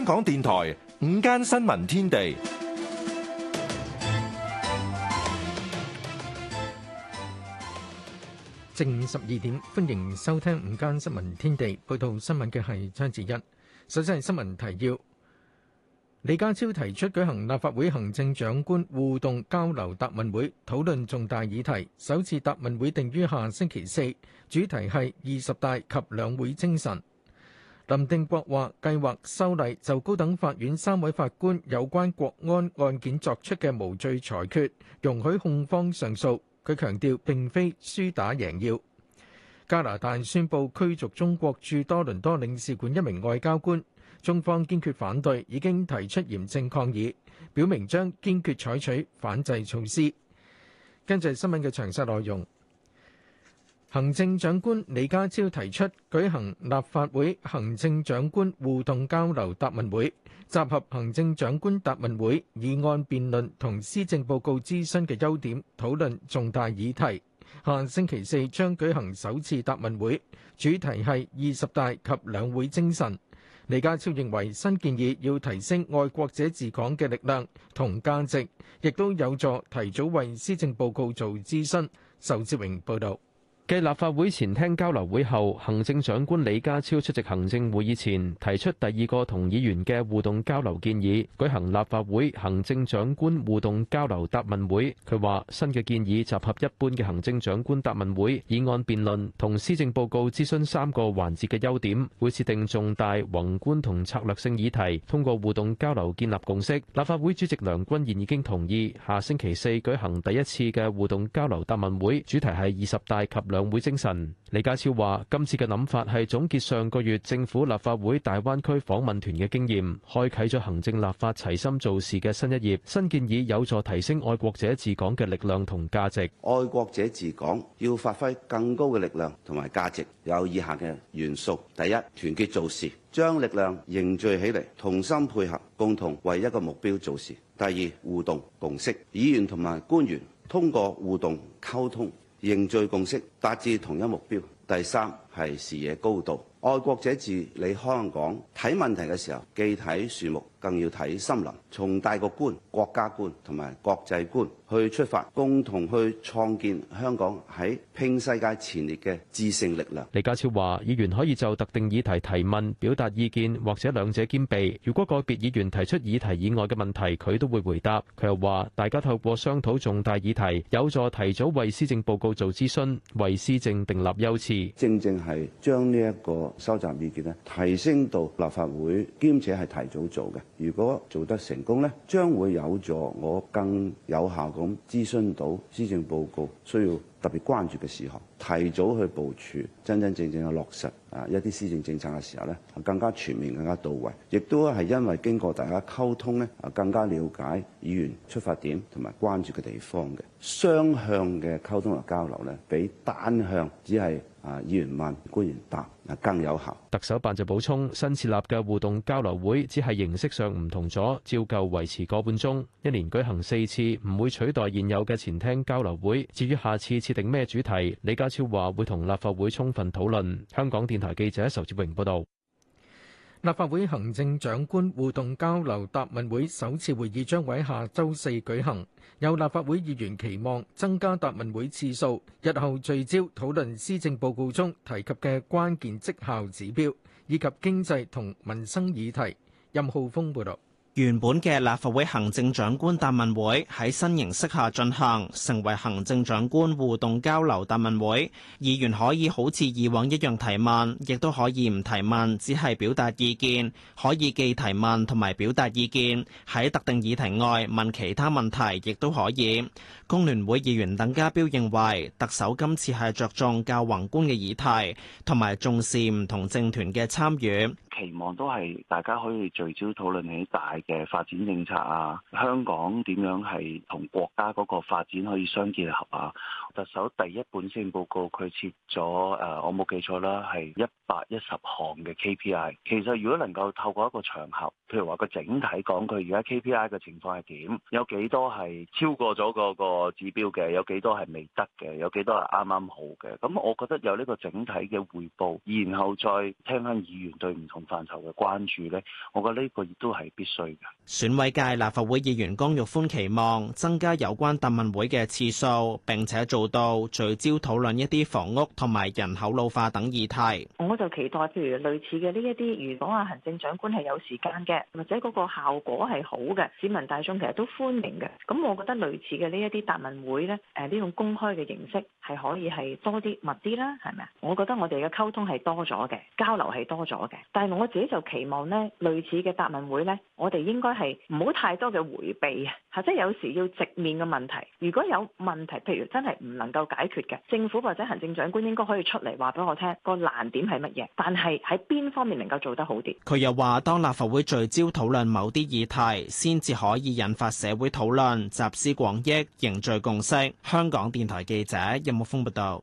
香港電台午間新聞天地，正午十二點，歡迎收聽午間新聞天地。報道新聞嘅係張志恩。首先係新聞提要：李家超提出舉行立法會行政長官互動交流答問會，討論重大議題。首次答問會定於下星期四，主題係二十大及兩會精神。林定國話：計劃修例，就高等法院三位法官有關國安案件作出嘅無罪裁決，容許控方上訴。佢強調，並非輸打贏要。加拿大宣布驅逐中國駐多倫多領事館一名外交官，中方堅決反對，已經提出嚴正抗議，表明將堅決採取反制措施。跟住新聞嘅詳細內容。行政長官李家超提出舉行立法會行政長官互動交流答問會，集合行政長官答問會、議案辯論同施政報告諮詢嘅優點，討論重大議題。下星期四將舉行首次答問會，主題係二十大及兩會精神。李家超認為新建議要提升愛國者治港嘅力量同價值，亦都有助提早為施政報告做諮詢。仇志榮報導。繼立法會前廳交流會後，行政長官李家超出席行政會議前提出第二個同議員嘅互動交流建議，舉行立法會行政長官互動交流答問會。佢話新嘅建議集合一般嘅行政長官答問會、議案辯論同施政報告諮詢三個環節嘅優點，會設定重大宏觀同策略性議題，通過互動交流建立共識。立法會主席梁君彥已經同意下星期四舉行第一次嘅互動交流答問會，主題係二十大及兩。同會精神，李家超話：今次嘅諗法係總結上個月政府立法會大灣區訪問團嘅經驗，開啟咗行政立法齊心做事嘅新一頁。新建議有助提升愛國者治港嘅力量同價值。愛國者治港要發揮更高嘅力量同埋價值，有以下嘅元素：第一，團結做事，將力量凝聚起嚟，同心配合，共同為一個目標做事；第二，互動共識，議員同埋官員通過互動溝通。凝聚共識，達至同一目標。第三，係視野高度，愛國者治理香港睇問題嘅時候，既睇樹木，更要睇森林，從大局觀、國家觀同埋國際觀去出發，共同去創建香港喺拼世界前列嘅制勝力量。李家超話：議員可以就特定議題提問、表達意見，或者兩者兼備。如果個別議員提出議題以外嘅問題，佢都會回答。佢又話：大家透過商討重大議題，有助提早為施政報告做諮詢，為施政訂立優次。正正。係將呢一個收集意見咧，提升到立法會，兼且係提早做嘅。如果做得成功呢，將會有助我更有效咁諮詢到施政報告需要特別關注嘅事項，提早去部署，真真正正嘅落實啊一啲施政政策嘅時候呢，更加全面、更加到位，亦都係因為經過大家溝通呢，啊更加了解議員出發點同埋關注嘅地方嘅雙向嘅溝通同交流呢，比單向只係。啊！議員問，官員答，啊更有效。特首辦就補充，新設立嘅互動交流會只係形式上唔同咗，照舊維持個半鐘，一年舉行四次，唔會取代現有嘅前廳交流會。至於下次設定咩主題，李家超話會同立法會充分討論。香港電台記者仇志榮報道。立法會行政長官互動交流答問會首次會議將會喺下周四舉行，有立法會議員期望增加答問會次數，日後聚焦討論施政報告中提及嘅關鍵績效指標以及經濟同民生議題。任浩峰報道。原本嘅立法會行政長官答問會喺新形式下進行，成為行政長官互動交流答問會。議員可以好似以往一樣提問，亦都可以唔提問，只係表達意見，可以既提問同埋表達意見。喺特定議題外問其他問題，亦都可以。工聯會議員鄧家彪認為，特首今次係着重較宏觀嘅議題，同埋重視唔同政團嘅參與。期望都係大家可以聚焦討論起大嘅發展政策啊，香港點樣係同國家嗰個發展可以相結合啊？特首第一本性報告，佢設咗，誒我冇記錯啦，係一百一十項嘅 KPI。其實如果能夠透過一個場合，譬如話個整體講，佢而家 KPI 嘅情況係點，有幾多係超過咗嗰個指標嘅？有幾多係未得嘅？有幾多係啱啱好嘅？咁我覺得有呢個整體嘅匯報，然後再聽翻議員對唔同範疇嘅關注咧，我覺得呢個亦都係必須嘅。選委界立法會議員江玉歡期望增加有關答問會嘅次數，並且做到聚焦討論一啲房屋同埋人口老化等議題。我就期待譬如類似嘅呢一啲，如果啊行政長官係有時間嘅，或者嗰個效果係好嘅，市民大眾其實都歡迎嘅。咁我覺得類似嘅呢一啲答問會咧，誒呢種公開嘅形式係可以係多啲密啲啦，係咪啊？我覺得我哋嘅溝通係多咗嘅，交流係多咗嘅，但我自己就期望呢，類似嘅答問會呢，我哋應該係唔好太多嘅迴避，或者有時要直面嘅問題。如果有問題，譬如真係唔能夠解決嘅，政府或者行政長官應該可以出嚟話俾我聽，個難點係乜嘢？但係喺邊方面能夠做得好啲？佢又話：當立法會聚焦討論某啲議題，先至可以引發社會討論，集思廣益，凝聚共識。香港電台記者任木風報道。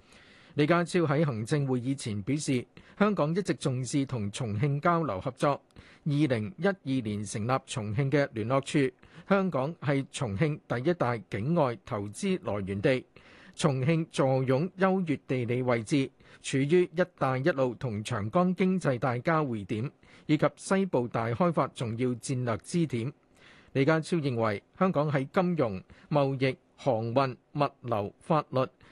李家超喺行政會議前表示，香港一直重視同重慶交流合作。二零一二年成立重慶嘅聯絡處，香港係重慶第一大境外投資來源地。重慶坐擁優越地理位置，處於「一帶一路」同長江經濟帶交匯點，以及西部大開發重要戰略支點，李家超認為，香港喺金融、貿易、航運、物流、法律、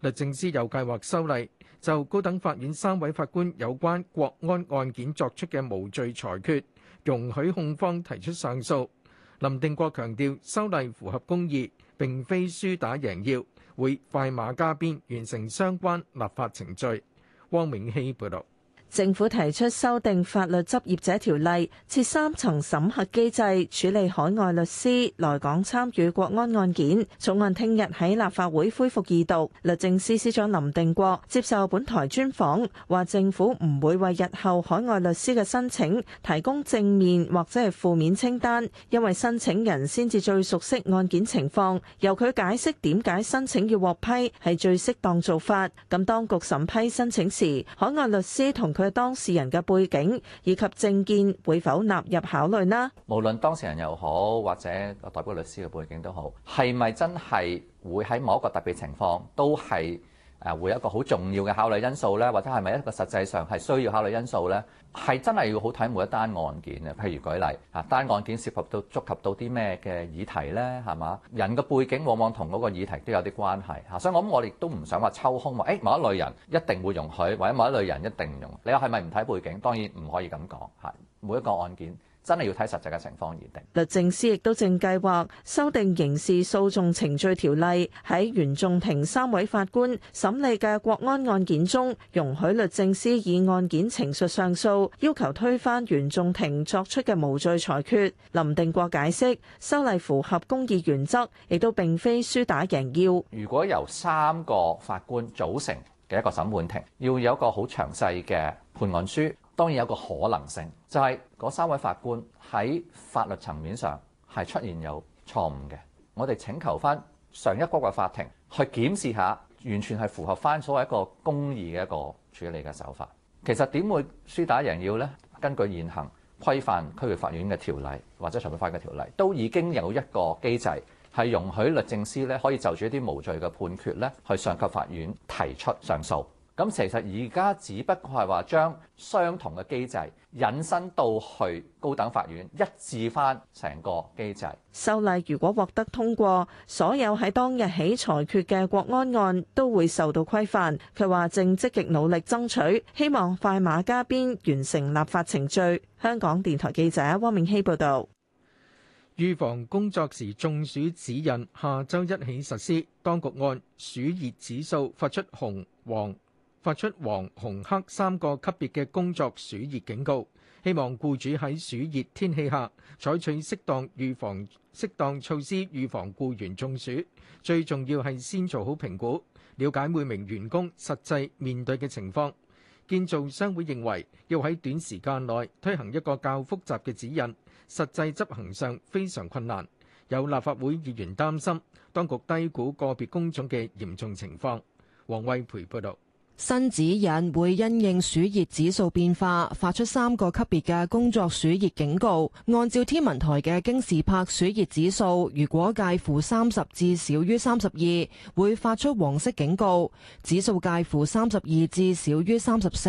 律政司又計劃修例，就高等法院三位法官有關國安案件作出嘅無罪裁決，容許控方提出上訴。林定國強調，修例符合公義，並非輸打贏要，會快馬加鞭完成相關立法程序。汪明希報導。政府提出修訂法律執業者條例，設三層審核機制處理海外律師來港參與國安案件。草案聽日喺立法會恢復二讀。律政司司長林定國接受本台專訪，話政府唔會為日後海外律師嘅申請提供正面或者係負面清單，因為申請人先至最熟悉案件情況，由佢解釋點解申請要獲批係最適當做法。咁當局審批申請時，海外律師同。佢嘅當事人嘅背景以及政見會否納入考慮呢？無論當事人又好，或者代表律師嘅背景都好，係咪真係會喺某一個特別情況都係？誒會有一個好重要嘅考慮因素呢，或者係咪一個實際上係需要考慮因素呢？係真係要好睇每一單案件嘅。譬如舉例，啊單案件涉及到觸及到啲咩嘅議題呢？係嘛？人嘅背景往往同嗰個議題都有啲關係。嚇，所以我諗我哋都唔想話抽空話，誒、欸、某一類人一定會容許，或者某一類人一定唔容許。你話係咪唔睇背景？當然唔可以咁講嚇。每一個案件，真係要睇實際嘅情況而定。律政司亦都正計劃修訂刑事訴訟程序條例，喺原仲庭三位法官審理嘅國安案件中，容許律政司以案件程序上訴，要求推翻原仲庭作出嘅無罪裁決。林定國解釋修例符合公義原則，亦都並非輸打贏要。如果由三個法官組成嘅一個審判庭，要有一個好詳細嘅判案書。當然有個可能性，就係嗰三位法官喺法律層面上係出現有錯誤嘅。我哋請求翻上一級嘅法庭去檢視下，完全係符合翻所謂一個公義嘅一個處理嘅手法。其實點會輸打贏要呢？根據現行規範區域法院嘅條例或者裁判法嘅條例，都已經有一個機制係容許律政司咧可以就住一啲無罪嘅判決咧去上級法院提出上訴。咁其實而家只不過係話將相同嘅機制引申到去高等法院，一致翻成個機制。修例如果獲得通過，所有喺當日起裁決嘅國安案都會受到規範。佢話正積極努力爭取，希望快馬加鞭完成立法程序。香港電台記者汪明熙報導。預防工作時中暑指引下週一起實施，當局按暑熱指數發出紅黃。發出黃、紅、黑三個級別嘅工作暑熱警告，希望雇主喺暑熱天氣下採取適當預防適當措施，預防雇員中暑。最重要係先做好評估，了解每名員工實際面對嘅情況。建造商會認為要喺短時間內推行一個較複雜嘅指引，實際執行上非常困難。有立法會議員擔心當局低估個別工種嘅嚴重情況。黃惠培報道。新指引會因應暑熱指數變化，發出三個級別嘅工作暑熱警告。按照天文台嘅京士柏暑熱指數，如果介乎三十至少於三十二，會發出黃色警告；指數介乎三十二至少於三十四，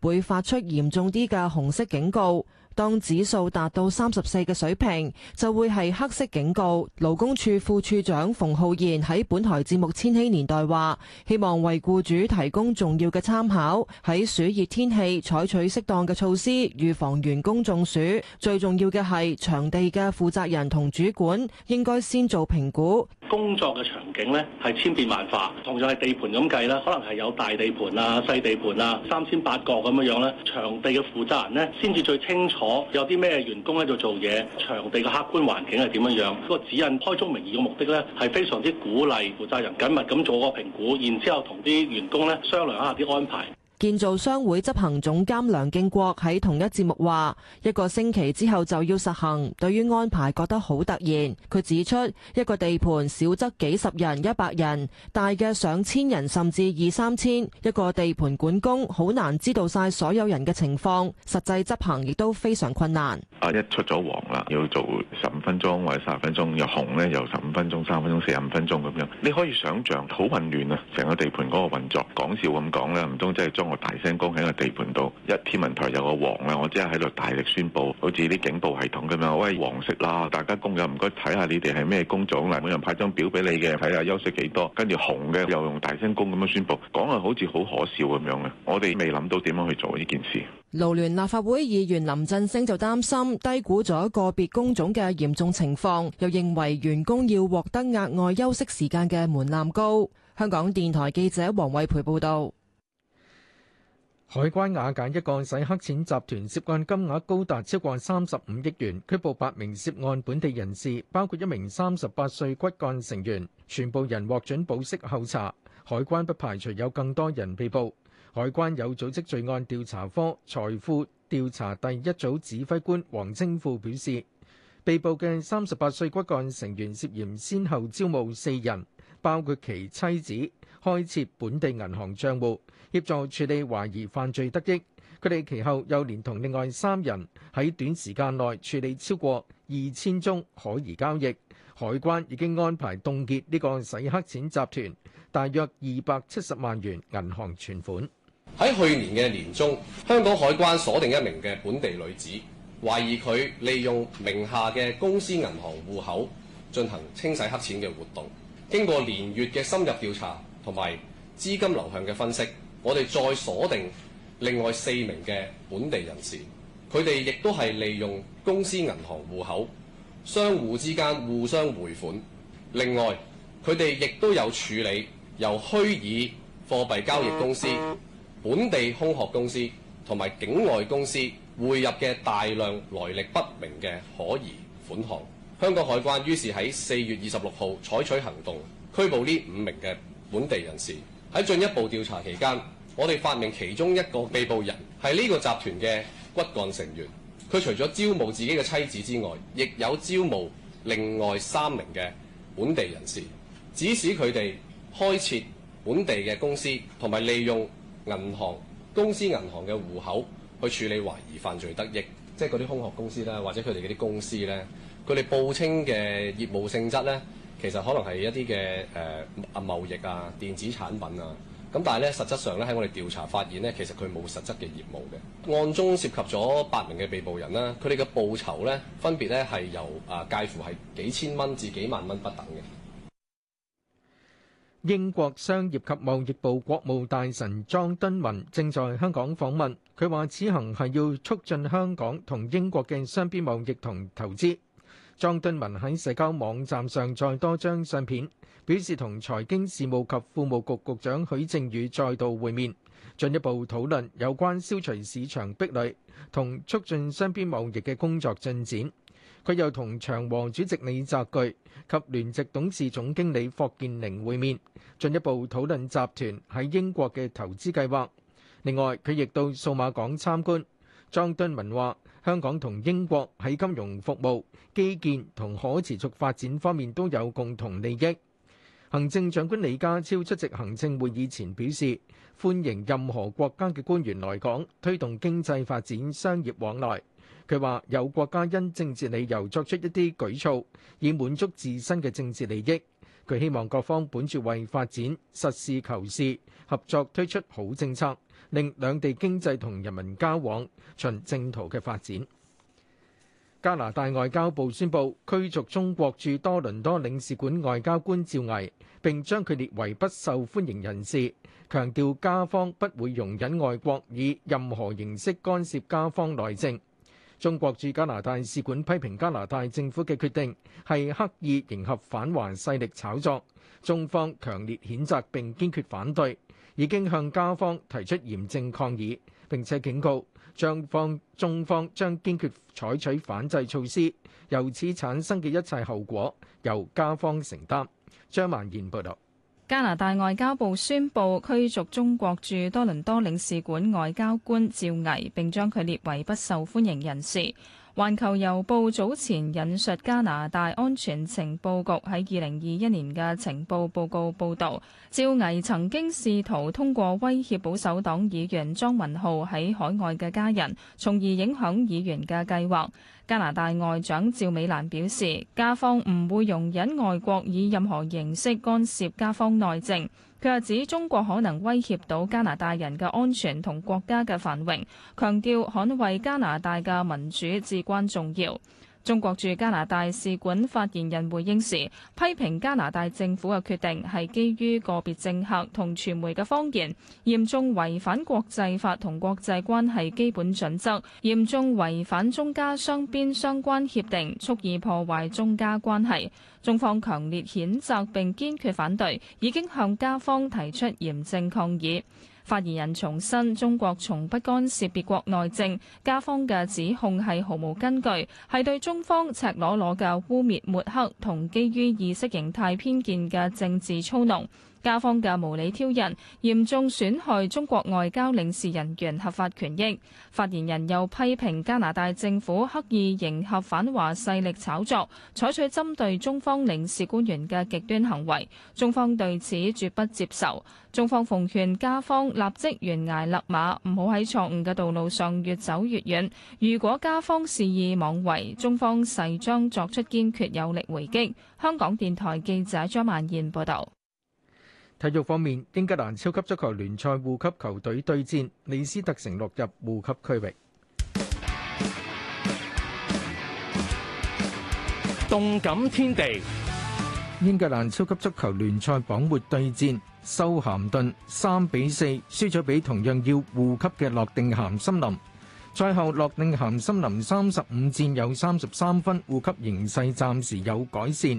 會發出嚴重啲嘅紅色警告。當指數達到三十四嘅水平，就會係黑色警告。勞工處副處長馮浩然喺本台節目《千禧年代》話，希望為僱主提供重要嘅參考，喺暑熱天氣採取適當嘅措施，預防員工中暑。最重要嘅係，場地嘅負責人同主管應該先做評估。工作嘅場景呢係千變萬化，同樣係地盤咁計啦，可能係有大地盤啊、細地盤啊、三尖八角咁樣樣咧。場地嘅負責人呢，先至最清楚。有啲咩員工喺度做嘢，場地嘅客觀環境係點樣樣？個指引開宗明義嘅目的咧，係非常之鼓勵負責人緊密咁做個評估，然之後同啲員工咧商量一下啲安排。建造商會執行總監梁敬國喺同一節目話，一個星期之後就要實行，對於安排覺得好突然。佢指出，一個地盤少則幾十人、一百人，大嘅上千人甚至二三千，一個地盤管工好難知道晒所有人嘅情況，實際執行亦都非常困難。啊，一出咗黃啦，要做十五分鐘或者三十分鐘，又紅咧又十五分鐘、三十分鐘、四十五分鐘咁樣，你可以想象好混亂啊！成個地盤嗰個運作，講笑咁講咧，唔通真係我大聲公喺個地盤度，一天文台有個黃啦，我即係喺度大力宣布，好似啲警報系統咁樣。喂，黃色啦，大家工友唔該睇下你哋係咩工種嚟，每人派張表俾你嘅睇下休息幾多。跟住紅嘅又用大聲公咁樣宣布，講啊，好似好可笑咁樣嘅。我哋未諗到點樣去做呢件事。勞聯立法會議員林振升就擔心低估咗個別工種嘅嚴重情況，又認為員工要獲得額外休息時間嘅門檻高。香港電台記者王偉培報道。海關瓦解一個洗黑錢集團，涉案金額高達超過三十五億元，拘捕八名涉案本地人士，包括一名三十八歲骨幹成員，全部人獲准保釋候查。海關不排除有更多人被捕。海關有組織罪案調查科財富調查第一組指揮官黃清富表示，被捕嘅三十八歲骨幹成員涉嫌先後招募四人，包括其妻子。開設本地銀行帳戶，協助處理懷疑犯罪得益。佢哋其後又連同另外三人喺短時間內處理超過二千宗可疑交易。海關已經安排凍結呢個洗黑錢集團大約二百七十萬元銀行存款。喺去年嘅年中，香港海關鎖定一名嘅本地女子，懷疑佢利用名下嘅公司銀行戶口進行清洗黑錢嘅活動。經過連月嘅深入調查，同埋資金流向嘅分析，我哋再鎖定另外四名嘅本地人士，佢哋亦都係利用公司銀行戶口，相互之間互相匯款。另外，佢哋亦都有處理由虛擬貨幣交易公司、本地空殼公司同埋境外公司匯入嘅大量來歷不明嘅可疑款項。香港海關於是喺四月二十六號採取行動，拘捕呢五名嘅本地人士，喺進一步調查期間，我哋發明其中一個被捕人係呢個集團嘅骨幹成員。佢除咗招募自己嘅妻子之外，亦有招募另外三名嘅本地人士，指使佢哋開設本地嘅公司，同埋利用銀行公司銀行嘅戶口去處理懷疑犯罪得益，即係嗰啲空殼公司啦，或者佢哋嗰啲公司呢，佢哋報稱嘅業務性質呢。其實可能係一啲嘅誒，啊貿易啊、電子產品啊咁，但係咧實質上咧喺我哋調查發現呢，其實佢冇實質嘅業務嘅。案中涉及咗八名嘅被捕人啦。佢哋嘅報酬咧，分別咧係由啊介乎係幾千蚊至幾萬蚊不等嘅。英國商業及貿易部國務大臣莊敦文正在香港訪問，佢話：此行係要促進香港同英國嘅雙邊貿易同投資。莊敦文喺社交網站上再多張相片，表示同財經事務及庫務局局長許正宇再度會面，進一步討論有關消除市場壁壘同促進雙邊貿易嘅工作進展。佢又同長和主席李澤钜及聯席董事總經理霍建寧會面，進一步討論集團喺英國嘅投資計劃。另外，佢亦到數碼港參觀。莊敦文話。香港同英國喺金融服務、基建同可持續發展方面都有共同利益。行政長官李家超出席行政會議前表示，歡迎任何國家嘅官員來港推動經濟發展、商業往來。佢話，有國家因政治理由作出一啲舉措，以滿足自身嘅政治利益。佢希望各方本住為發展、實事求是合作推出好政策，令兩地經濟同人民交往循正途嘅發展。加拿大外交部宣布驅逐中國駐多倫多領事館外交官趙毅，並將佢列為不受歡迎人士，強調加方不會容忍外國以任何形式干涉加方內政。中國駐加拿大使館批評加拿大政府嘅決定係刻意迎合反華勢力炒作，中方強烈譴責並堅決反對，已經向加方提出嚴正抗議，並且警告，將方中方將堅決採取反制措施，由此產生嘅一切後果由加方承擔。張曼燕報道。加拿大外交部宣布驅逐中國駐多倫多領事館外交官趙毅，並將佢列為不受歡迎人士。《環球郵報》早前引述加拿大安全情報局喺二零二一年嘅情報報告報，報道，趙毅曾經試圖通過威脅保守黨議員莊文浩喺海外嘅家人，從而影響議員嘅計劃。加拿大外長趙美蘭表示，加方唔會容忍外國以任何形式干涉加方內政。佢又指中國可能威脅到加拿大人嘅安全同國家嘅繁榮，強調捍衛加拿大嘅民主至關重要。中國駐加拿大使館發言人回應時，批評加拿大政府嘅決定係基於個別政客同傳媒嘅謊言，嚴重違反國際法同國際關係基本準則，嚴重違反中加雙邊相關協定，蓄意破壞中加關係。中方強烈譴責並堅決反對，已經向加方提出嚴正抗議。發言人重申，中國從不干涉別國內政，加方嘅指控係毫無根據，係對中方赤裸裸嘅污蔑抹黑同基於意識形態偏見嘅政治操弄。加方嘅無理挑釁，嚴重損害中國外交領事人員合法權益。發言人又批評加拿大政府刻意迎合反華勢力炒作，採取針對中方領事官員嘅極端行為。中方對此絕不接受。中方奉勸加方立即懸崖勒馬，唔好喺錯誤嘅道路上越走越遠。如果加方肆意妄為，中方勢將作出堅決有力回擊。香港電台記者張曼燕報道。體育方面，英格蘭超級足球聯賽護級球隊對戰，李斯特城落入護級區域。動感天地，英格蘭超級足球聯賽榜末對戰，修咸頓三比四輸咗俾同樣要護級嘅諾定咸森林。賽後，諾定咸森林三十五戰有三十三分，護級形勢暫時有改善。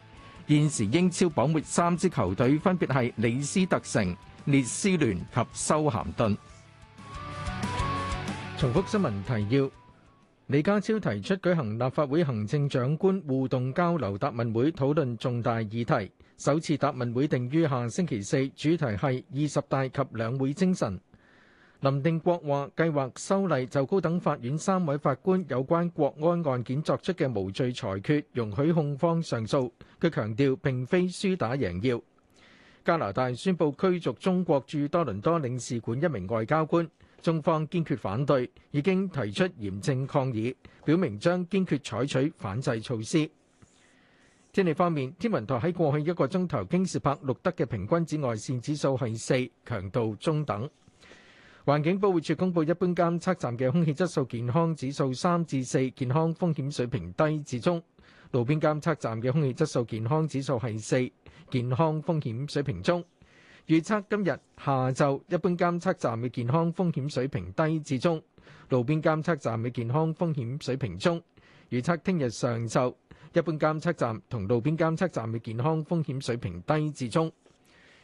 現時英超榜末三支球隊分別係李斯特城、列斯聯及修咸頓。重複新聞提要：李家超提出舉行立法會行政長官互動交流答問會，討論重大議題。首次答問會定於下星期四，主題係二十大及兩會精神。林定國話：計劃修例，就高等法院三位法官有關國安案件作出嘅無罪裁決，容許控方上訴。佢強調，並非輸打贏要。加拿大宣布驅逐中國駐多倫多領事館一名外交官，中方堅決反對，已經提出嚴正抗議，表明將堅決採取反制措施。天氣方面，天文台喺過去一個鐘頭京士柏錄得嘅平均紫外線指數係四，強度中等。環境保護署公布一般監測站嘅空氣質素健康指數三至四，健康風險水平低至中；路邊監測站嘅空氣質素健康指數係四，健康風險水平中。預測今日下晝一般監測站嘅健康風險水平低至中，路邊監測站嘅健康風險水平中。預測聽日上晝一般監測站同路邊監測站嘅健康風險水平低至中。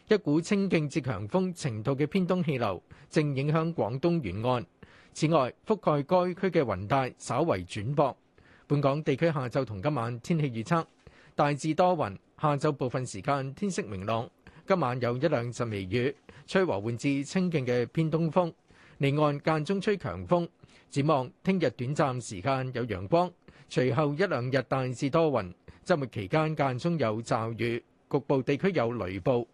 一股清勁至強風程度嘅偏東氣流正影響廣東沿岸。此外，覆蓋該區嘅雲帶稍為轉薄。本港地區下晝同今晚天氣預測大致多雲，下晝部分時間天色明朗。今晚有一兩陣微雨，吹和緩至清勁嘅偏東風。離岸間中吹強風。展望聽日短暫時間有陽光，隨後一兩日大致多雲，周末期間間中有驟雨，局部地區有雷暴。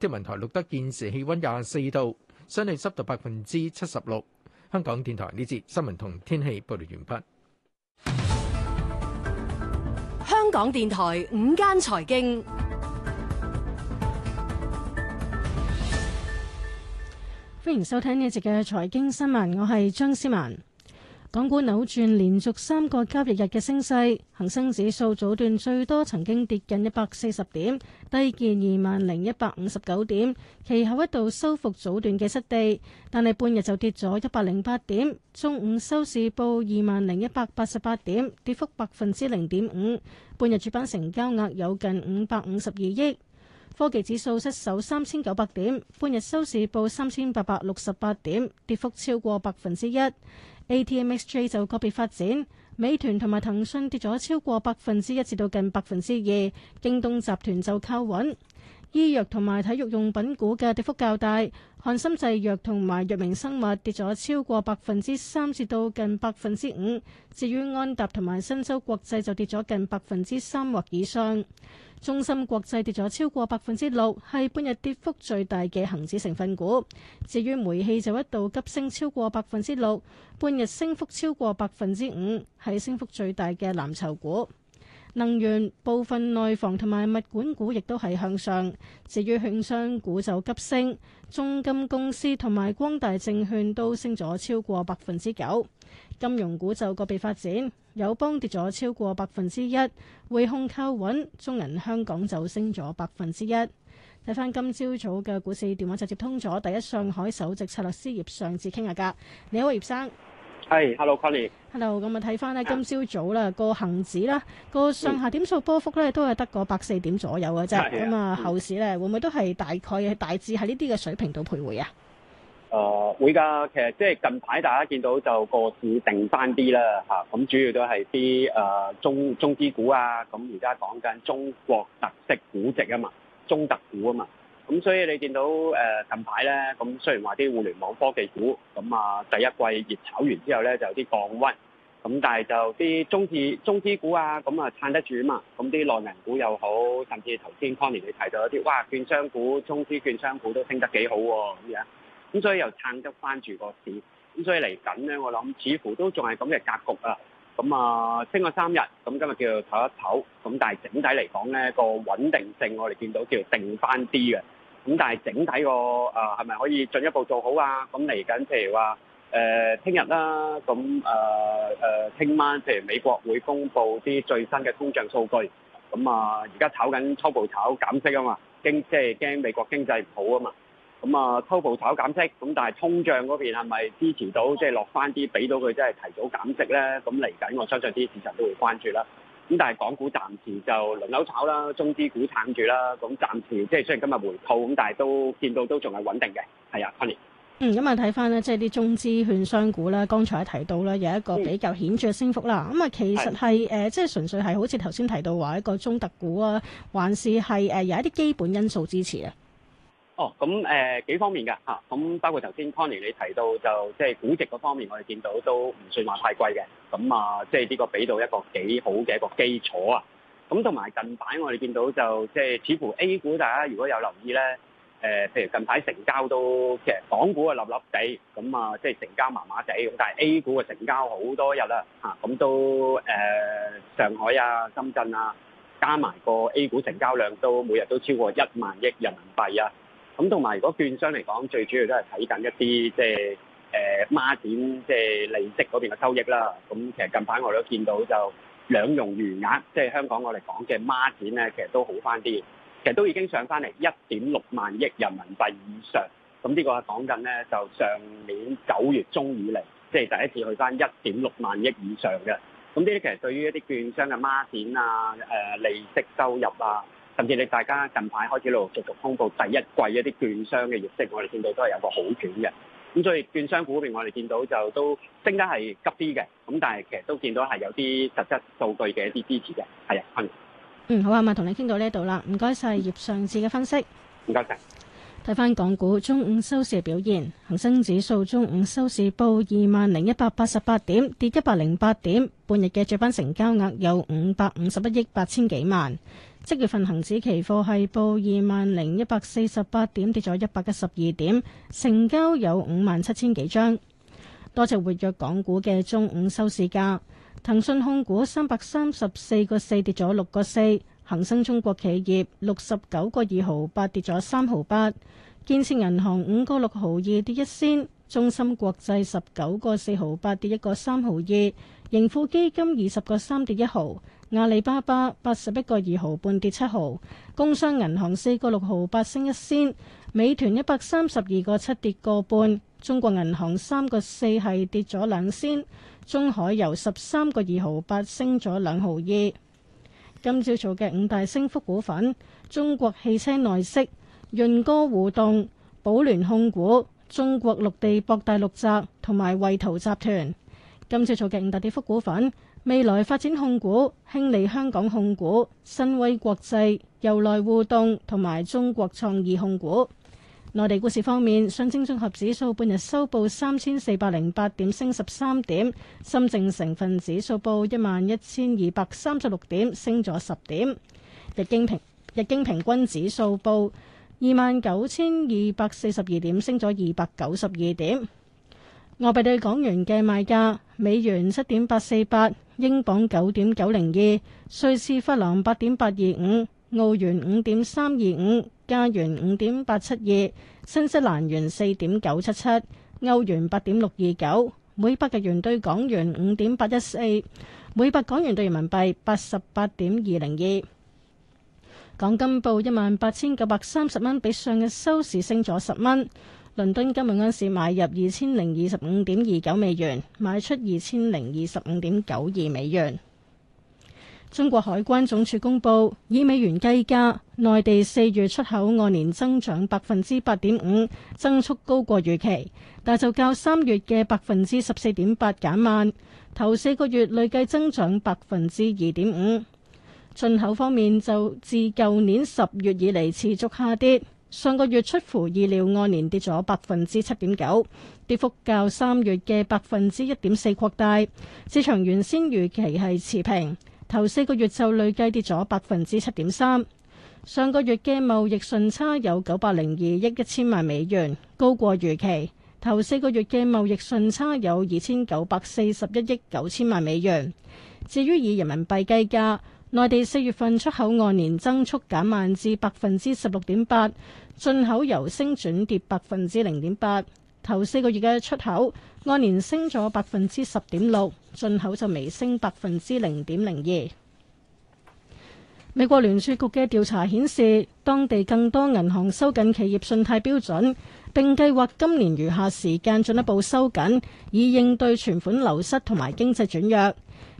天文台錄得現時氣溫廿四度，相對濕度百分之七十六。香港電台呢節新聞同天氣報道完畢。香港電台午間財經，歡迎收聽呢節嘅財經新聞，我係張思文。港股扭轉連續三個交易日嘅升勢，恒生指數早段最多曾經跌近一百四十點，低見二萬零一百五十九點，其後一度收復早段嘅失地，但係半日就跌咗一百零八點，中午收市報二萬零一百八十八點，跌幅百分之零點五。半日主板成交額有近五百五十二億。科技指數失守三千九百點，半日收市報三千八百六十八點，跌幅超過百分之一。A.T.M.X.J 就個別發展，美團同埋騰訊跌咗超過百分之一至到近百分之二，京東集團就靠穩。醫藥同埋體育用品股嘅跌幅較大，漢森製藥同埋藥明生物跌咗超過百分之三至到近百分之五。至於安踏同埋新洲國際就跌咗近百分之三或以上。中芯國際跌咗超過百分之六，係半日跌幅最大嘅恒指成分股。至於煤氣就一度急升超過百分之六，半日升幅超過百分之五，係升幅最大嘅藍籌股。能源、部分內房同埋物管股亦都係向上。至於券商股就急升，中金公司同埋光大證券都升咗超過百分之九。金融股就個別發展，友邦跌咗超過百分之一，匯控靠穩，中銀香港就升咗百分之一。睇翻，今朝早嘅股市電話就接通咗，第一上海首席策略師葉尚志傾下偈。你好，葉生。係、hey，Hello，Connie hello。Hello，咁啊睇翻呢今朝早啦，個恒指啦，個上下點數波幅咧都係得個百四點左右嘅啫。咁啊、嗯嗯、後市咧會唔會都係大概大致喺呢啲嘅水平度徘徊啊？誒、呃、會噶，其實即係近排大家見到就個市定翻啲啦嚇，咁、啊、主要都係啲誒中中資股啊，咁而家講緊中國特色估值啊嘛，中特股啊嘛，咁所以你見到誒、呃、近排咧，咁雖然話啲互聯網科技股咁啊第一季熱炒完之後咧就有啲降溫，咁但係就啲中資中資股啊，咁啊撐得住啊嘛，咁啲內銀股又好，甚至頭先 Tony 你提到有啲哇券商股、中資券商股都升得幾好喎，咁、啊、樣。嗯啊咁所以又撐得翻住個市，咁所以嚟緊咧，我諗似乎都仲係咁嘅格局啊。咁啊，升咗三日，咁今日叫做唞一唞，咁但係整體嚟講咧，個穩定性我哋見到叫定翻啲嘅。咁但係整體個誒係咪可以進一步做好啊？咁嚟緊譬如話誒聽日啦，咁誒誒聽晚譬如美國會公布啲最新嘅通脹數據，咁啊而家炒緊初步炒減息啊嘛，經即係驚美國經濟唔好啊嘛。咁啊，偷步炒減息，咁但係通脹嗰邊係咪支持到，就是、到即係落翻啲，俾到佢即係提早減息咧？咁嚟緊，我相信啲市場都會關注啦。咁但係港股暫時就輪流炒啦，中資股撐住啦。咁暫時即係雖然今日回吐，咁但係都見到都仲係穩定嘅。係啊，Tony。嗯，咁啊睇翻咧，即係啲中資券商股咧，剛才提到咧有一個比較顯著升幅啦。咁啊、嗯，其實係誒，即係的、呃、純粹係好似頭先提到話一個中特股啊，還是係誒有一啲基本因素支持啊？哦，咁誒、呃、幾方面嘅嚇，咁、啊、包括頭先 Conny 你提到就即係估值嗰方面，我哋見到都唔算話太貴嘅。咁啊，即係呢個俾到一個幾好嘅一個基礎啊。咁同埋近排我哋見到就即係、就是、似乎 A 股大家如果有留意咧，誒、呃，譬如近排成交都其實港股粒粒啊立立地，咁啊即係成交麻麻地，但係 A 股嘅成交好多日啦嚇，咁、啊啊、都誒、呃、上海啊、深圳啊加埋個 A 股成交量都每日都超過一萬億人民幣啊。咁同埋，如果券商嚟講，最主要都係睇緊一啲即係誒孖展即係利息嗰邊嘅收益啦。咁、嗯、其實近排我哋都見到就兩融餘額，即係、就是、香港我哋講嘅孖展咧，其實都好翻啲。其實都已經上翻嚟一點六萬億人民幣以上。咁、嗯，這個、呢個講緊咧，就上年九月中以嚟，即、就、係、是、第一次去翻一點六萬億以上嘅。咁呢啲其實對於一啲券商嘅孖展啊、誒、呃、利息收入啊。甚至你大家近排開始陸陸續續公布第一季一啲券商嘅業績，我哋見到都係有個好轉嘅。咁所以券商股嗰邊我哋見到就都升得係急啲嘅。咁但係其實都見到係有啲實質數據嘅一啲支持嘅。係啊，嗯，嗯。好啊，咪同你傾到呢度啦。唔該晒葉尚志嘅分析。唔該晒。睇翻港股中午收市表現，恒生指數中午收市報二萬零一百八十八點，跌一百零八點。半日嘅主板成交額有五百五十一億八千幾萬。即月份恒指期貨係報二萬零一百四十八點，跌咗一百一十二點，成交有五萬七千幾張。多隻活躍港股嘅中午收市價，騰訊控股三百三十四個四，跌咗六個四。恒生中國企業六十九個二毫八，跌咗三毫八，建設銀行五個六毫二，跌一仙，中芯國際十九個四毫八，跌一個三毫二，盈富基金二十個三，跌一毫，阿里巴巴八十一個二毫半，跌七毫，工商銀行四個六毫八，升一仙，美團 7, 一百三十二個七，跌個半，中國銀行三個四係跌咗兩仙，中海油十三個二毫八，升咗兩毫二。今朝做嘅五大升幅股份：中國汽車內飾、潤歌互動、寶聯控股、中國陸地博大六集同埋惠圖集團。今朝做嘅五大跌幅股份：未來發展控股、興利香港控股、新威國際、由來互動同埋中國創意控股。內地股市方面，上證綜合指數半日收報三千四百零八點，升十三點；深證成分指數報一萬一千二百三十六點，升咗十點；日經平日經平均指數報二萬九千二百四十二點，升咗二百九十二點。外幣對港元嘅賣價：美元七點八四八，英鎊九點九零二，瑞士法郎八點八二五。澳元五點三二五，加元五點八七二，新西蘭元四點九七七，歐元八點六二九，每百日元對港元五點八一四，每百港元兌人民幣八十八點二零二。港金報一萬八千九百三十蚊，比上日收市升咗十蚊。倫敦金每盎司買入二千零二十五點二九美元，賣出二千零二十五點九二美元。中國海關總署公布以美元計價，內地四月出口按年增長百分之八點五，增速高過預期，但就較三月嘅百分之十四點八減慢。頭四個月累計增長百分之二點五。進口方面就自舊年十月以嚟持續下跌，上個月出乎意料按年跌咗百分之七點九，跌幅較三月嘅百分之一點四擴大。市場原先預期係持平。頭四個月就累計跌咗百分之七點三，上個月嘅貿易順差有九百零二億一千萬美元，高過預期。頭四個月嘅貿易順差有二千九百四十一億九千萬美元。至於以人民幣計價，內地四月份出口按年增速減慢至百分之十六點八，進口由升轉跌百分之零點八。頭四個月嘅出口按年升咗百分之十點六，進口就微升百分之零點零二。美國聯儲局嘅調查顯示，當地更多銀行收緊企業信貸標準，並計劃今年餘下時間進一步收緊，以應對存款流失同埋經濟轉弱。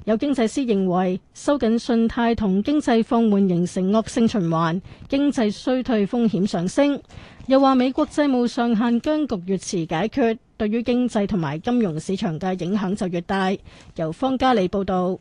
有經濟師認為，收緊信貸同經濟放緩形成惡性循環，經濟衰退風險上升。又話美國債務上限僵局越遲解決，對於經濟同埋金融市場嘅影響就越大。由方嘉利報導。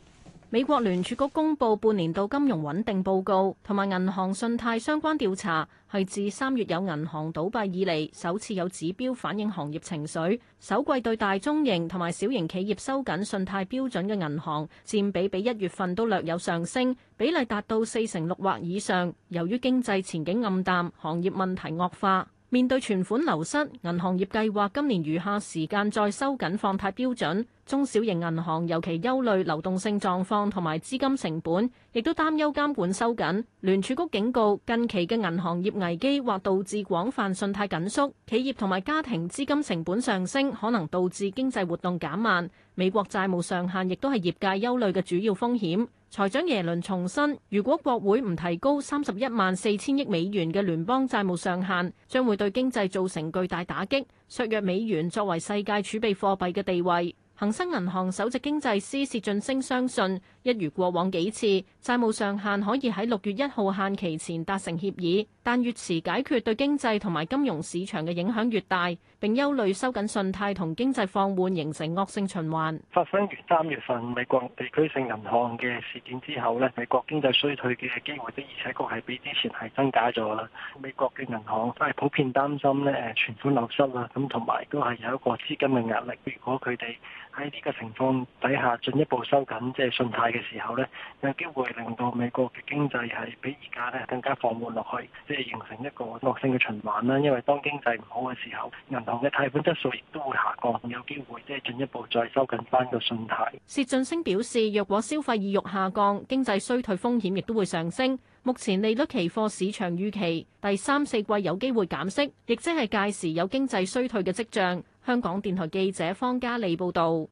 美國聯儲局公布半年度金融穩定報告，同埋銀行信貸相關調查，係自三月有銀行倒閉以嚟，首次有指標反映行業情緒，首季對大中型同埋小型企業收緊信貸標準嘅銀行佔比，比一月份都略有上升，比例達到四成六或以上。由於經濟前景暗淡，行業問題惡化。面對存款流失，銀行業計劃今年餘下時間再收緊放貸標準。中小型銀行尤其憂慮流動性狀況同埋資金成本，亦都擔憂監管收緊。聯儲局警告，近期嘅銀行業危機或導致廣泛信貸緊縮，企業同埋家庭資金成本上升，可能導致經濟活動減慢。美國債務上限亦都係業界憂慮嘅主要風險。財長耶倫重申，如果國會唔提高三十一萬四千億美元嘅聯邦債務上限，將會對經濟造成巨大打擊，削弱美元作為世界儲備貨幣嘅地位。恒生銀行首席經濟師薛俊昇相信，一如過往幾次，債務上限可以喺六月一號限期前達成協議，但越遲解決對經濟同埋金融市場嘅影響越大，並憂慮收緊信貸同經濟放緩形成惡性循環。發生完三月份美國地區性銀行嘅事件之後呢，美國經濟衰退嘅機會的而且確係比之前係增加咗啦。美國嘅銀行都係普遍擔心咧，存款流失啦，咁同埋都係有一個資金嘅壓力，如果佢哋，喺呢個情況底下進一步收緊即係信貸嘅時候呢有機會令到美國嘅經濟係比而家咧更加放緩落去，即係形成一個惡性嘅循環啦。因為當經濟唔好嘅時候，銀行嘅貸款質素亦都會下降，有機會即係進一步再收緊翻個信貸。薛俊升表示，若果消費意欲下降，經濟衰退風險亦都會上升。目前利率期貨市場預期第三、四季有機會減息，亦即係屆時有經濟衰退嘅跡象。香港電台記者方嘉莉報道。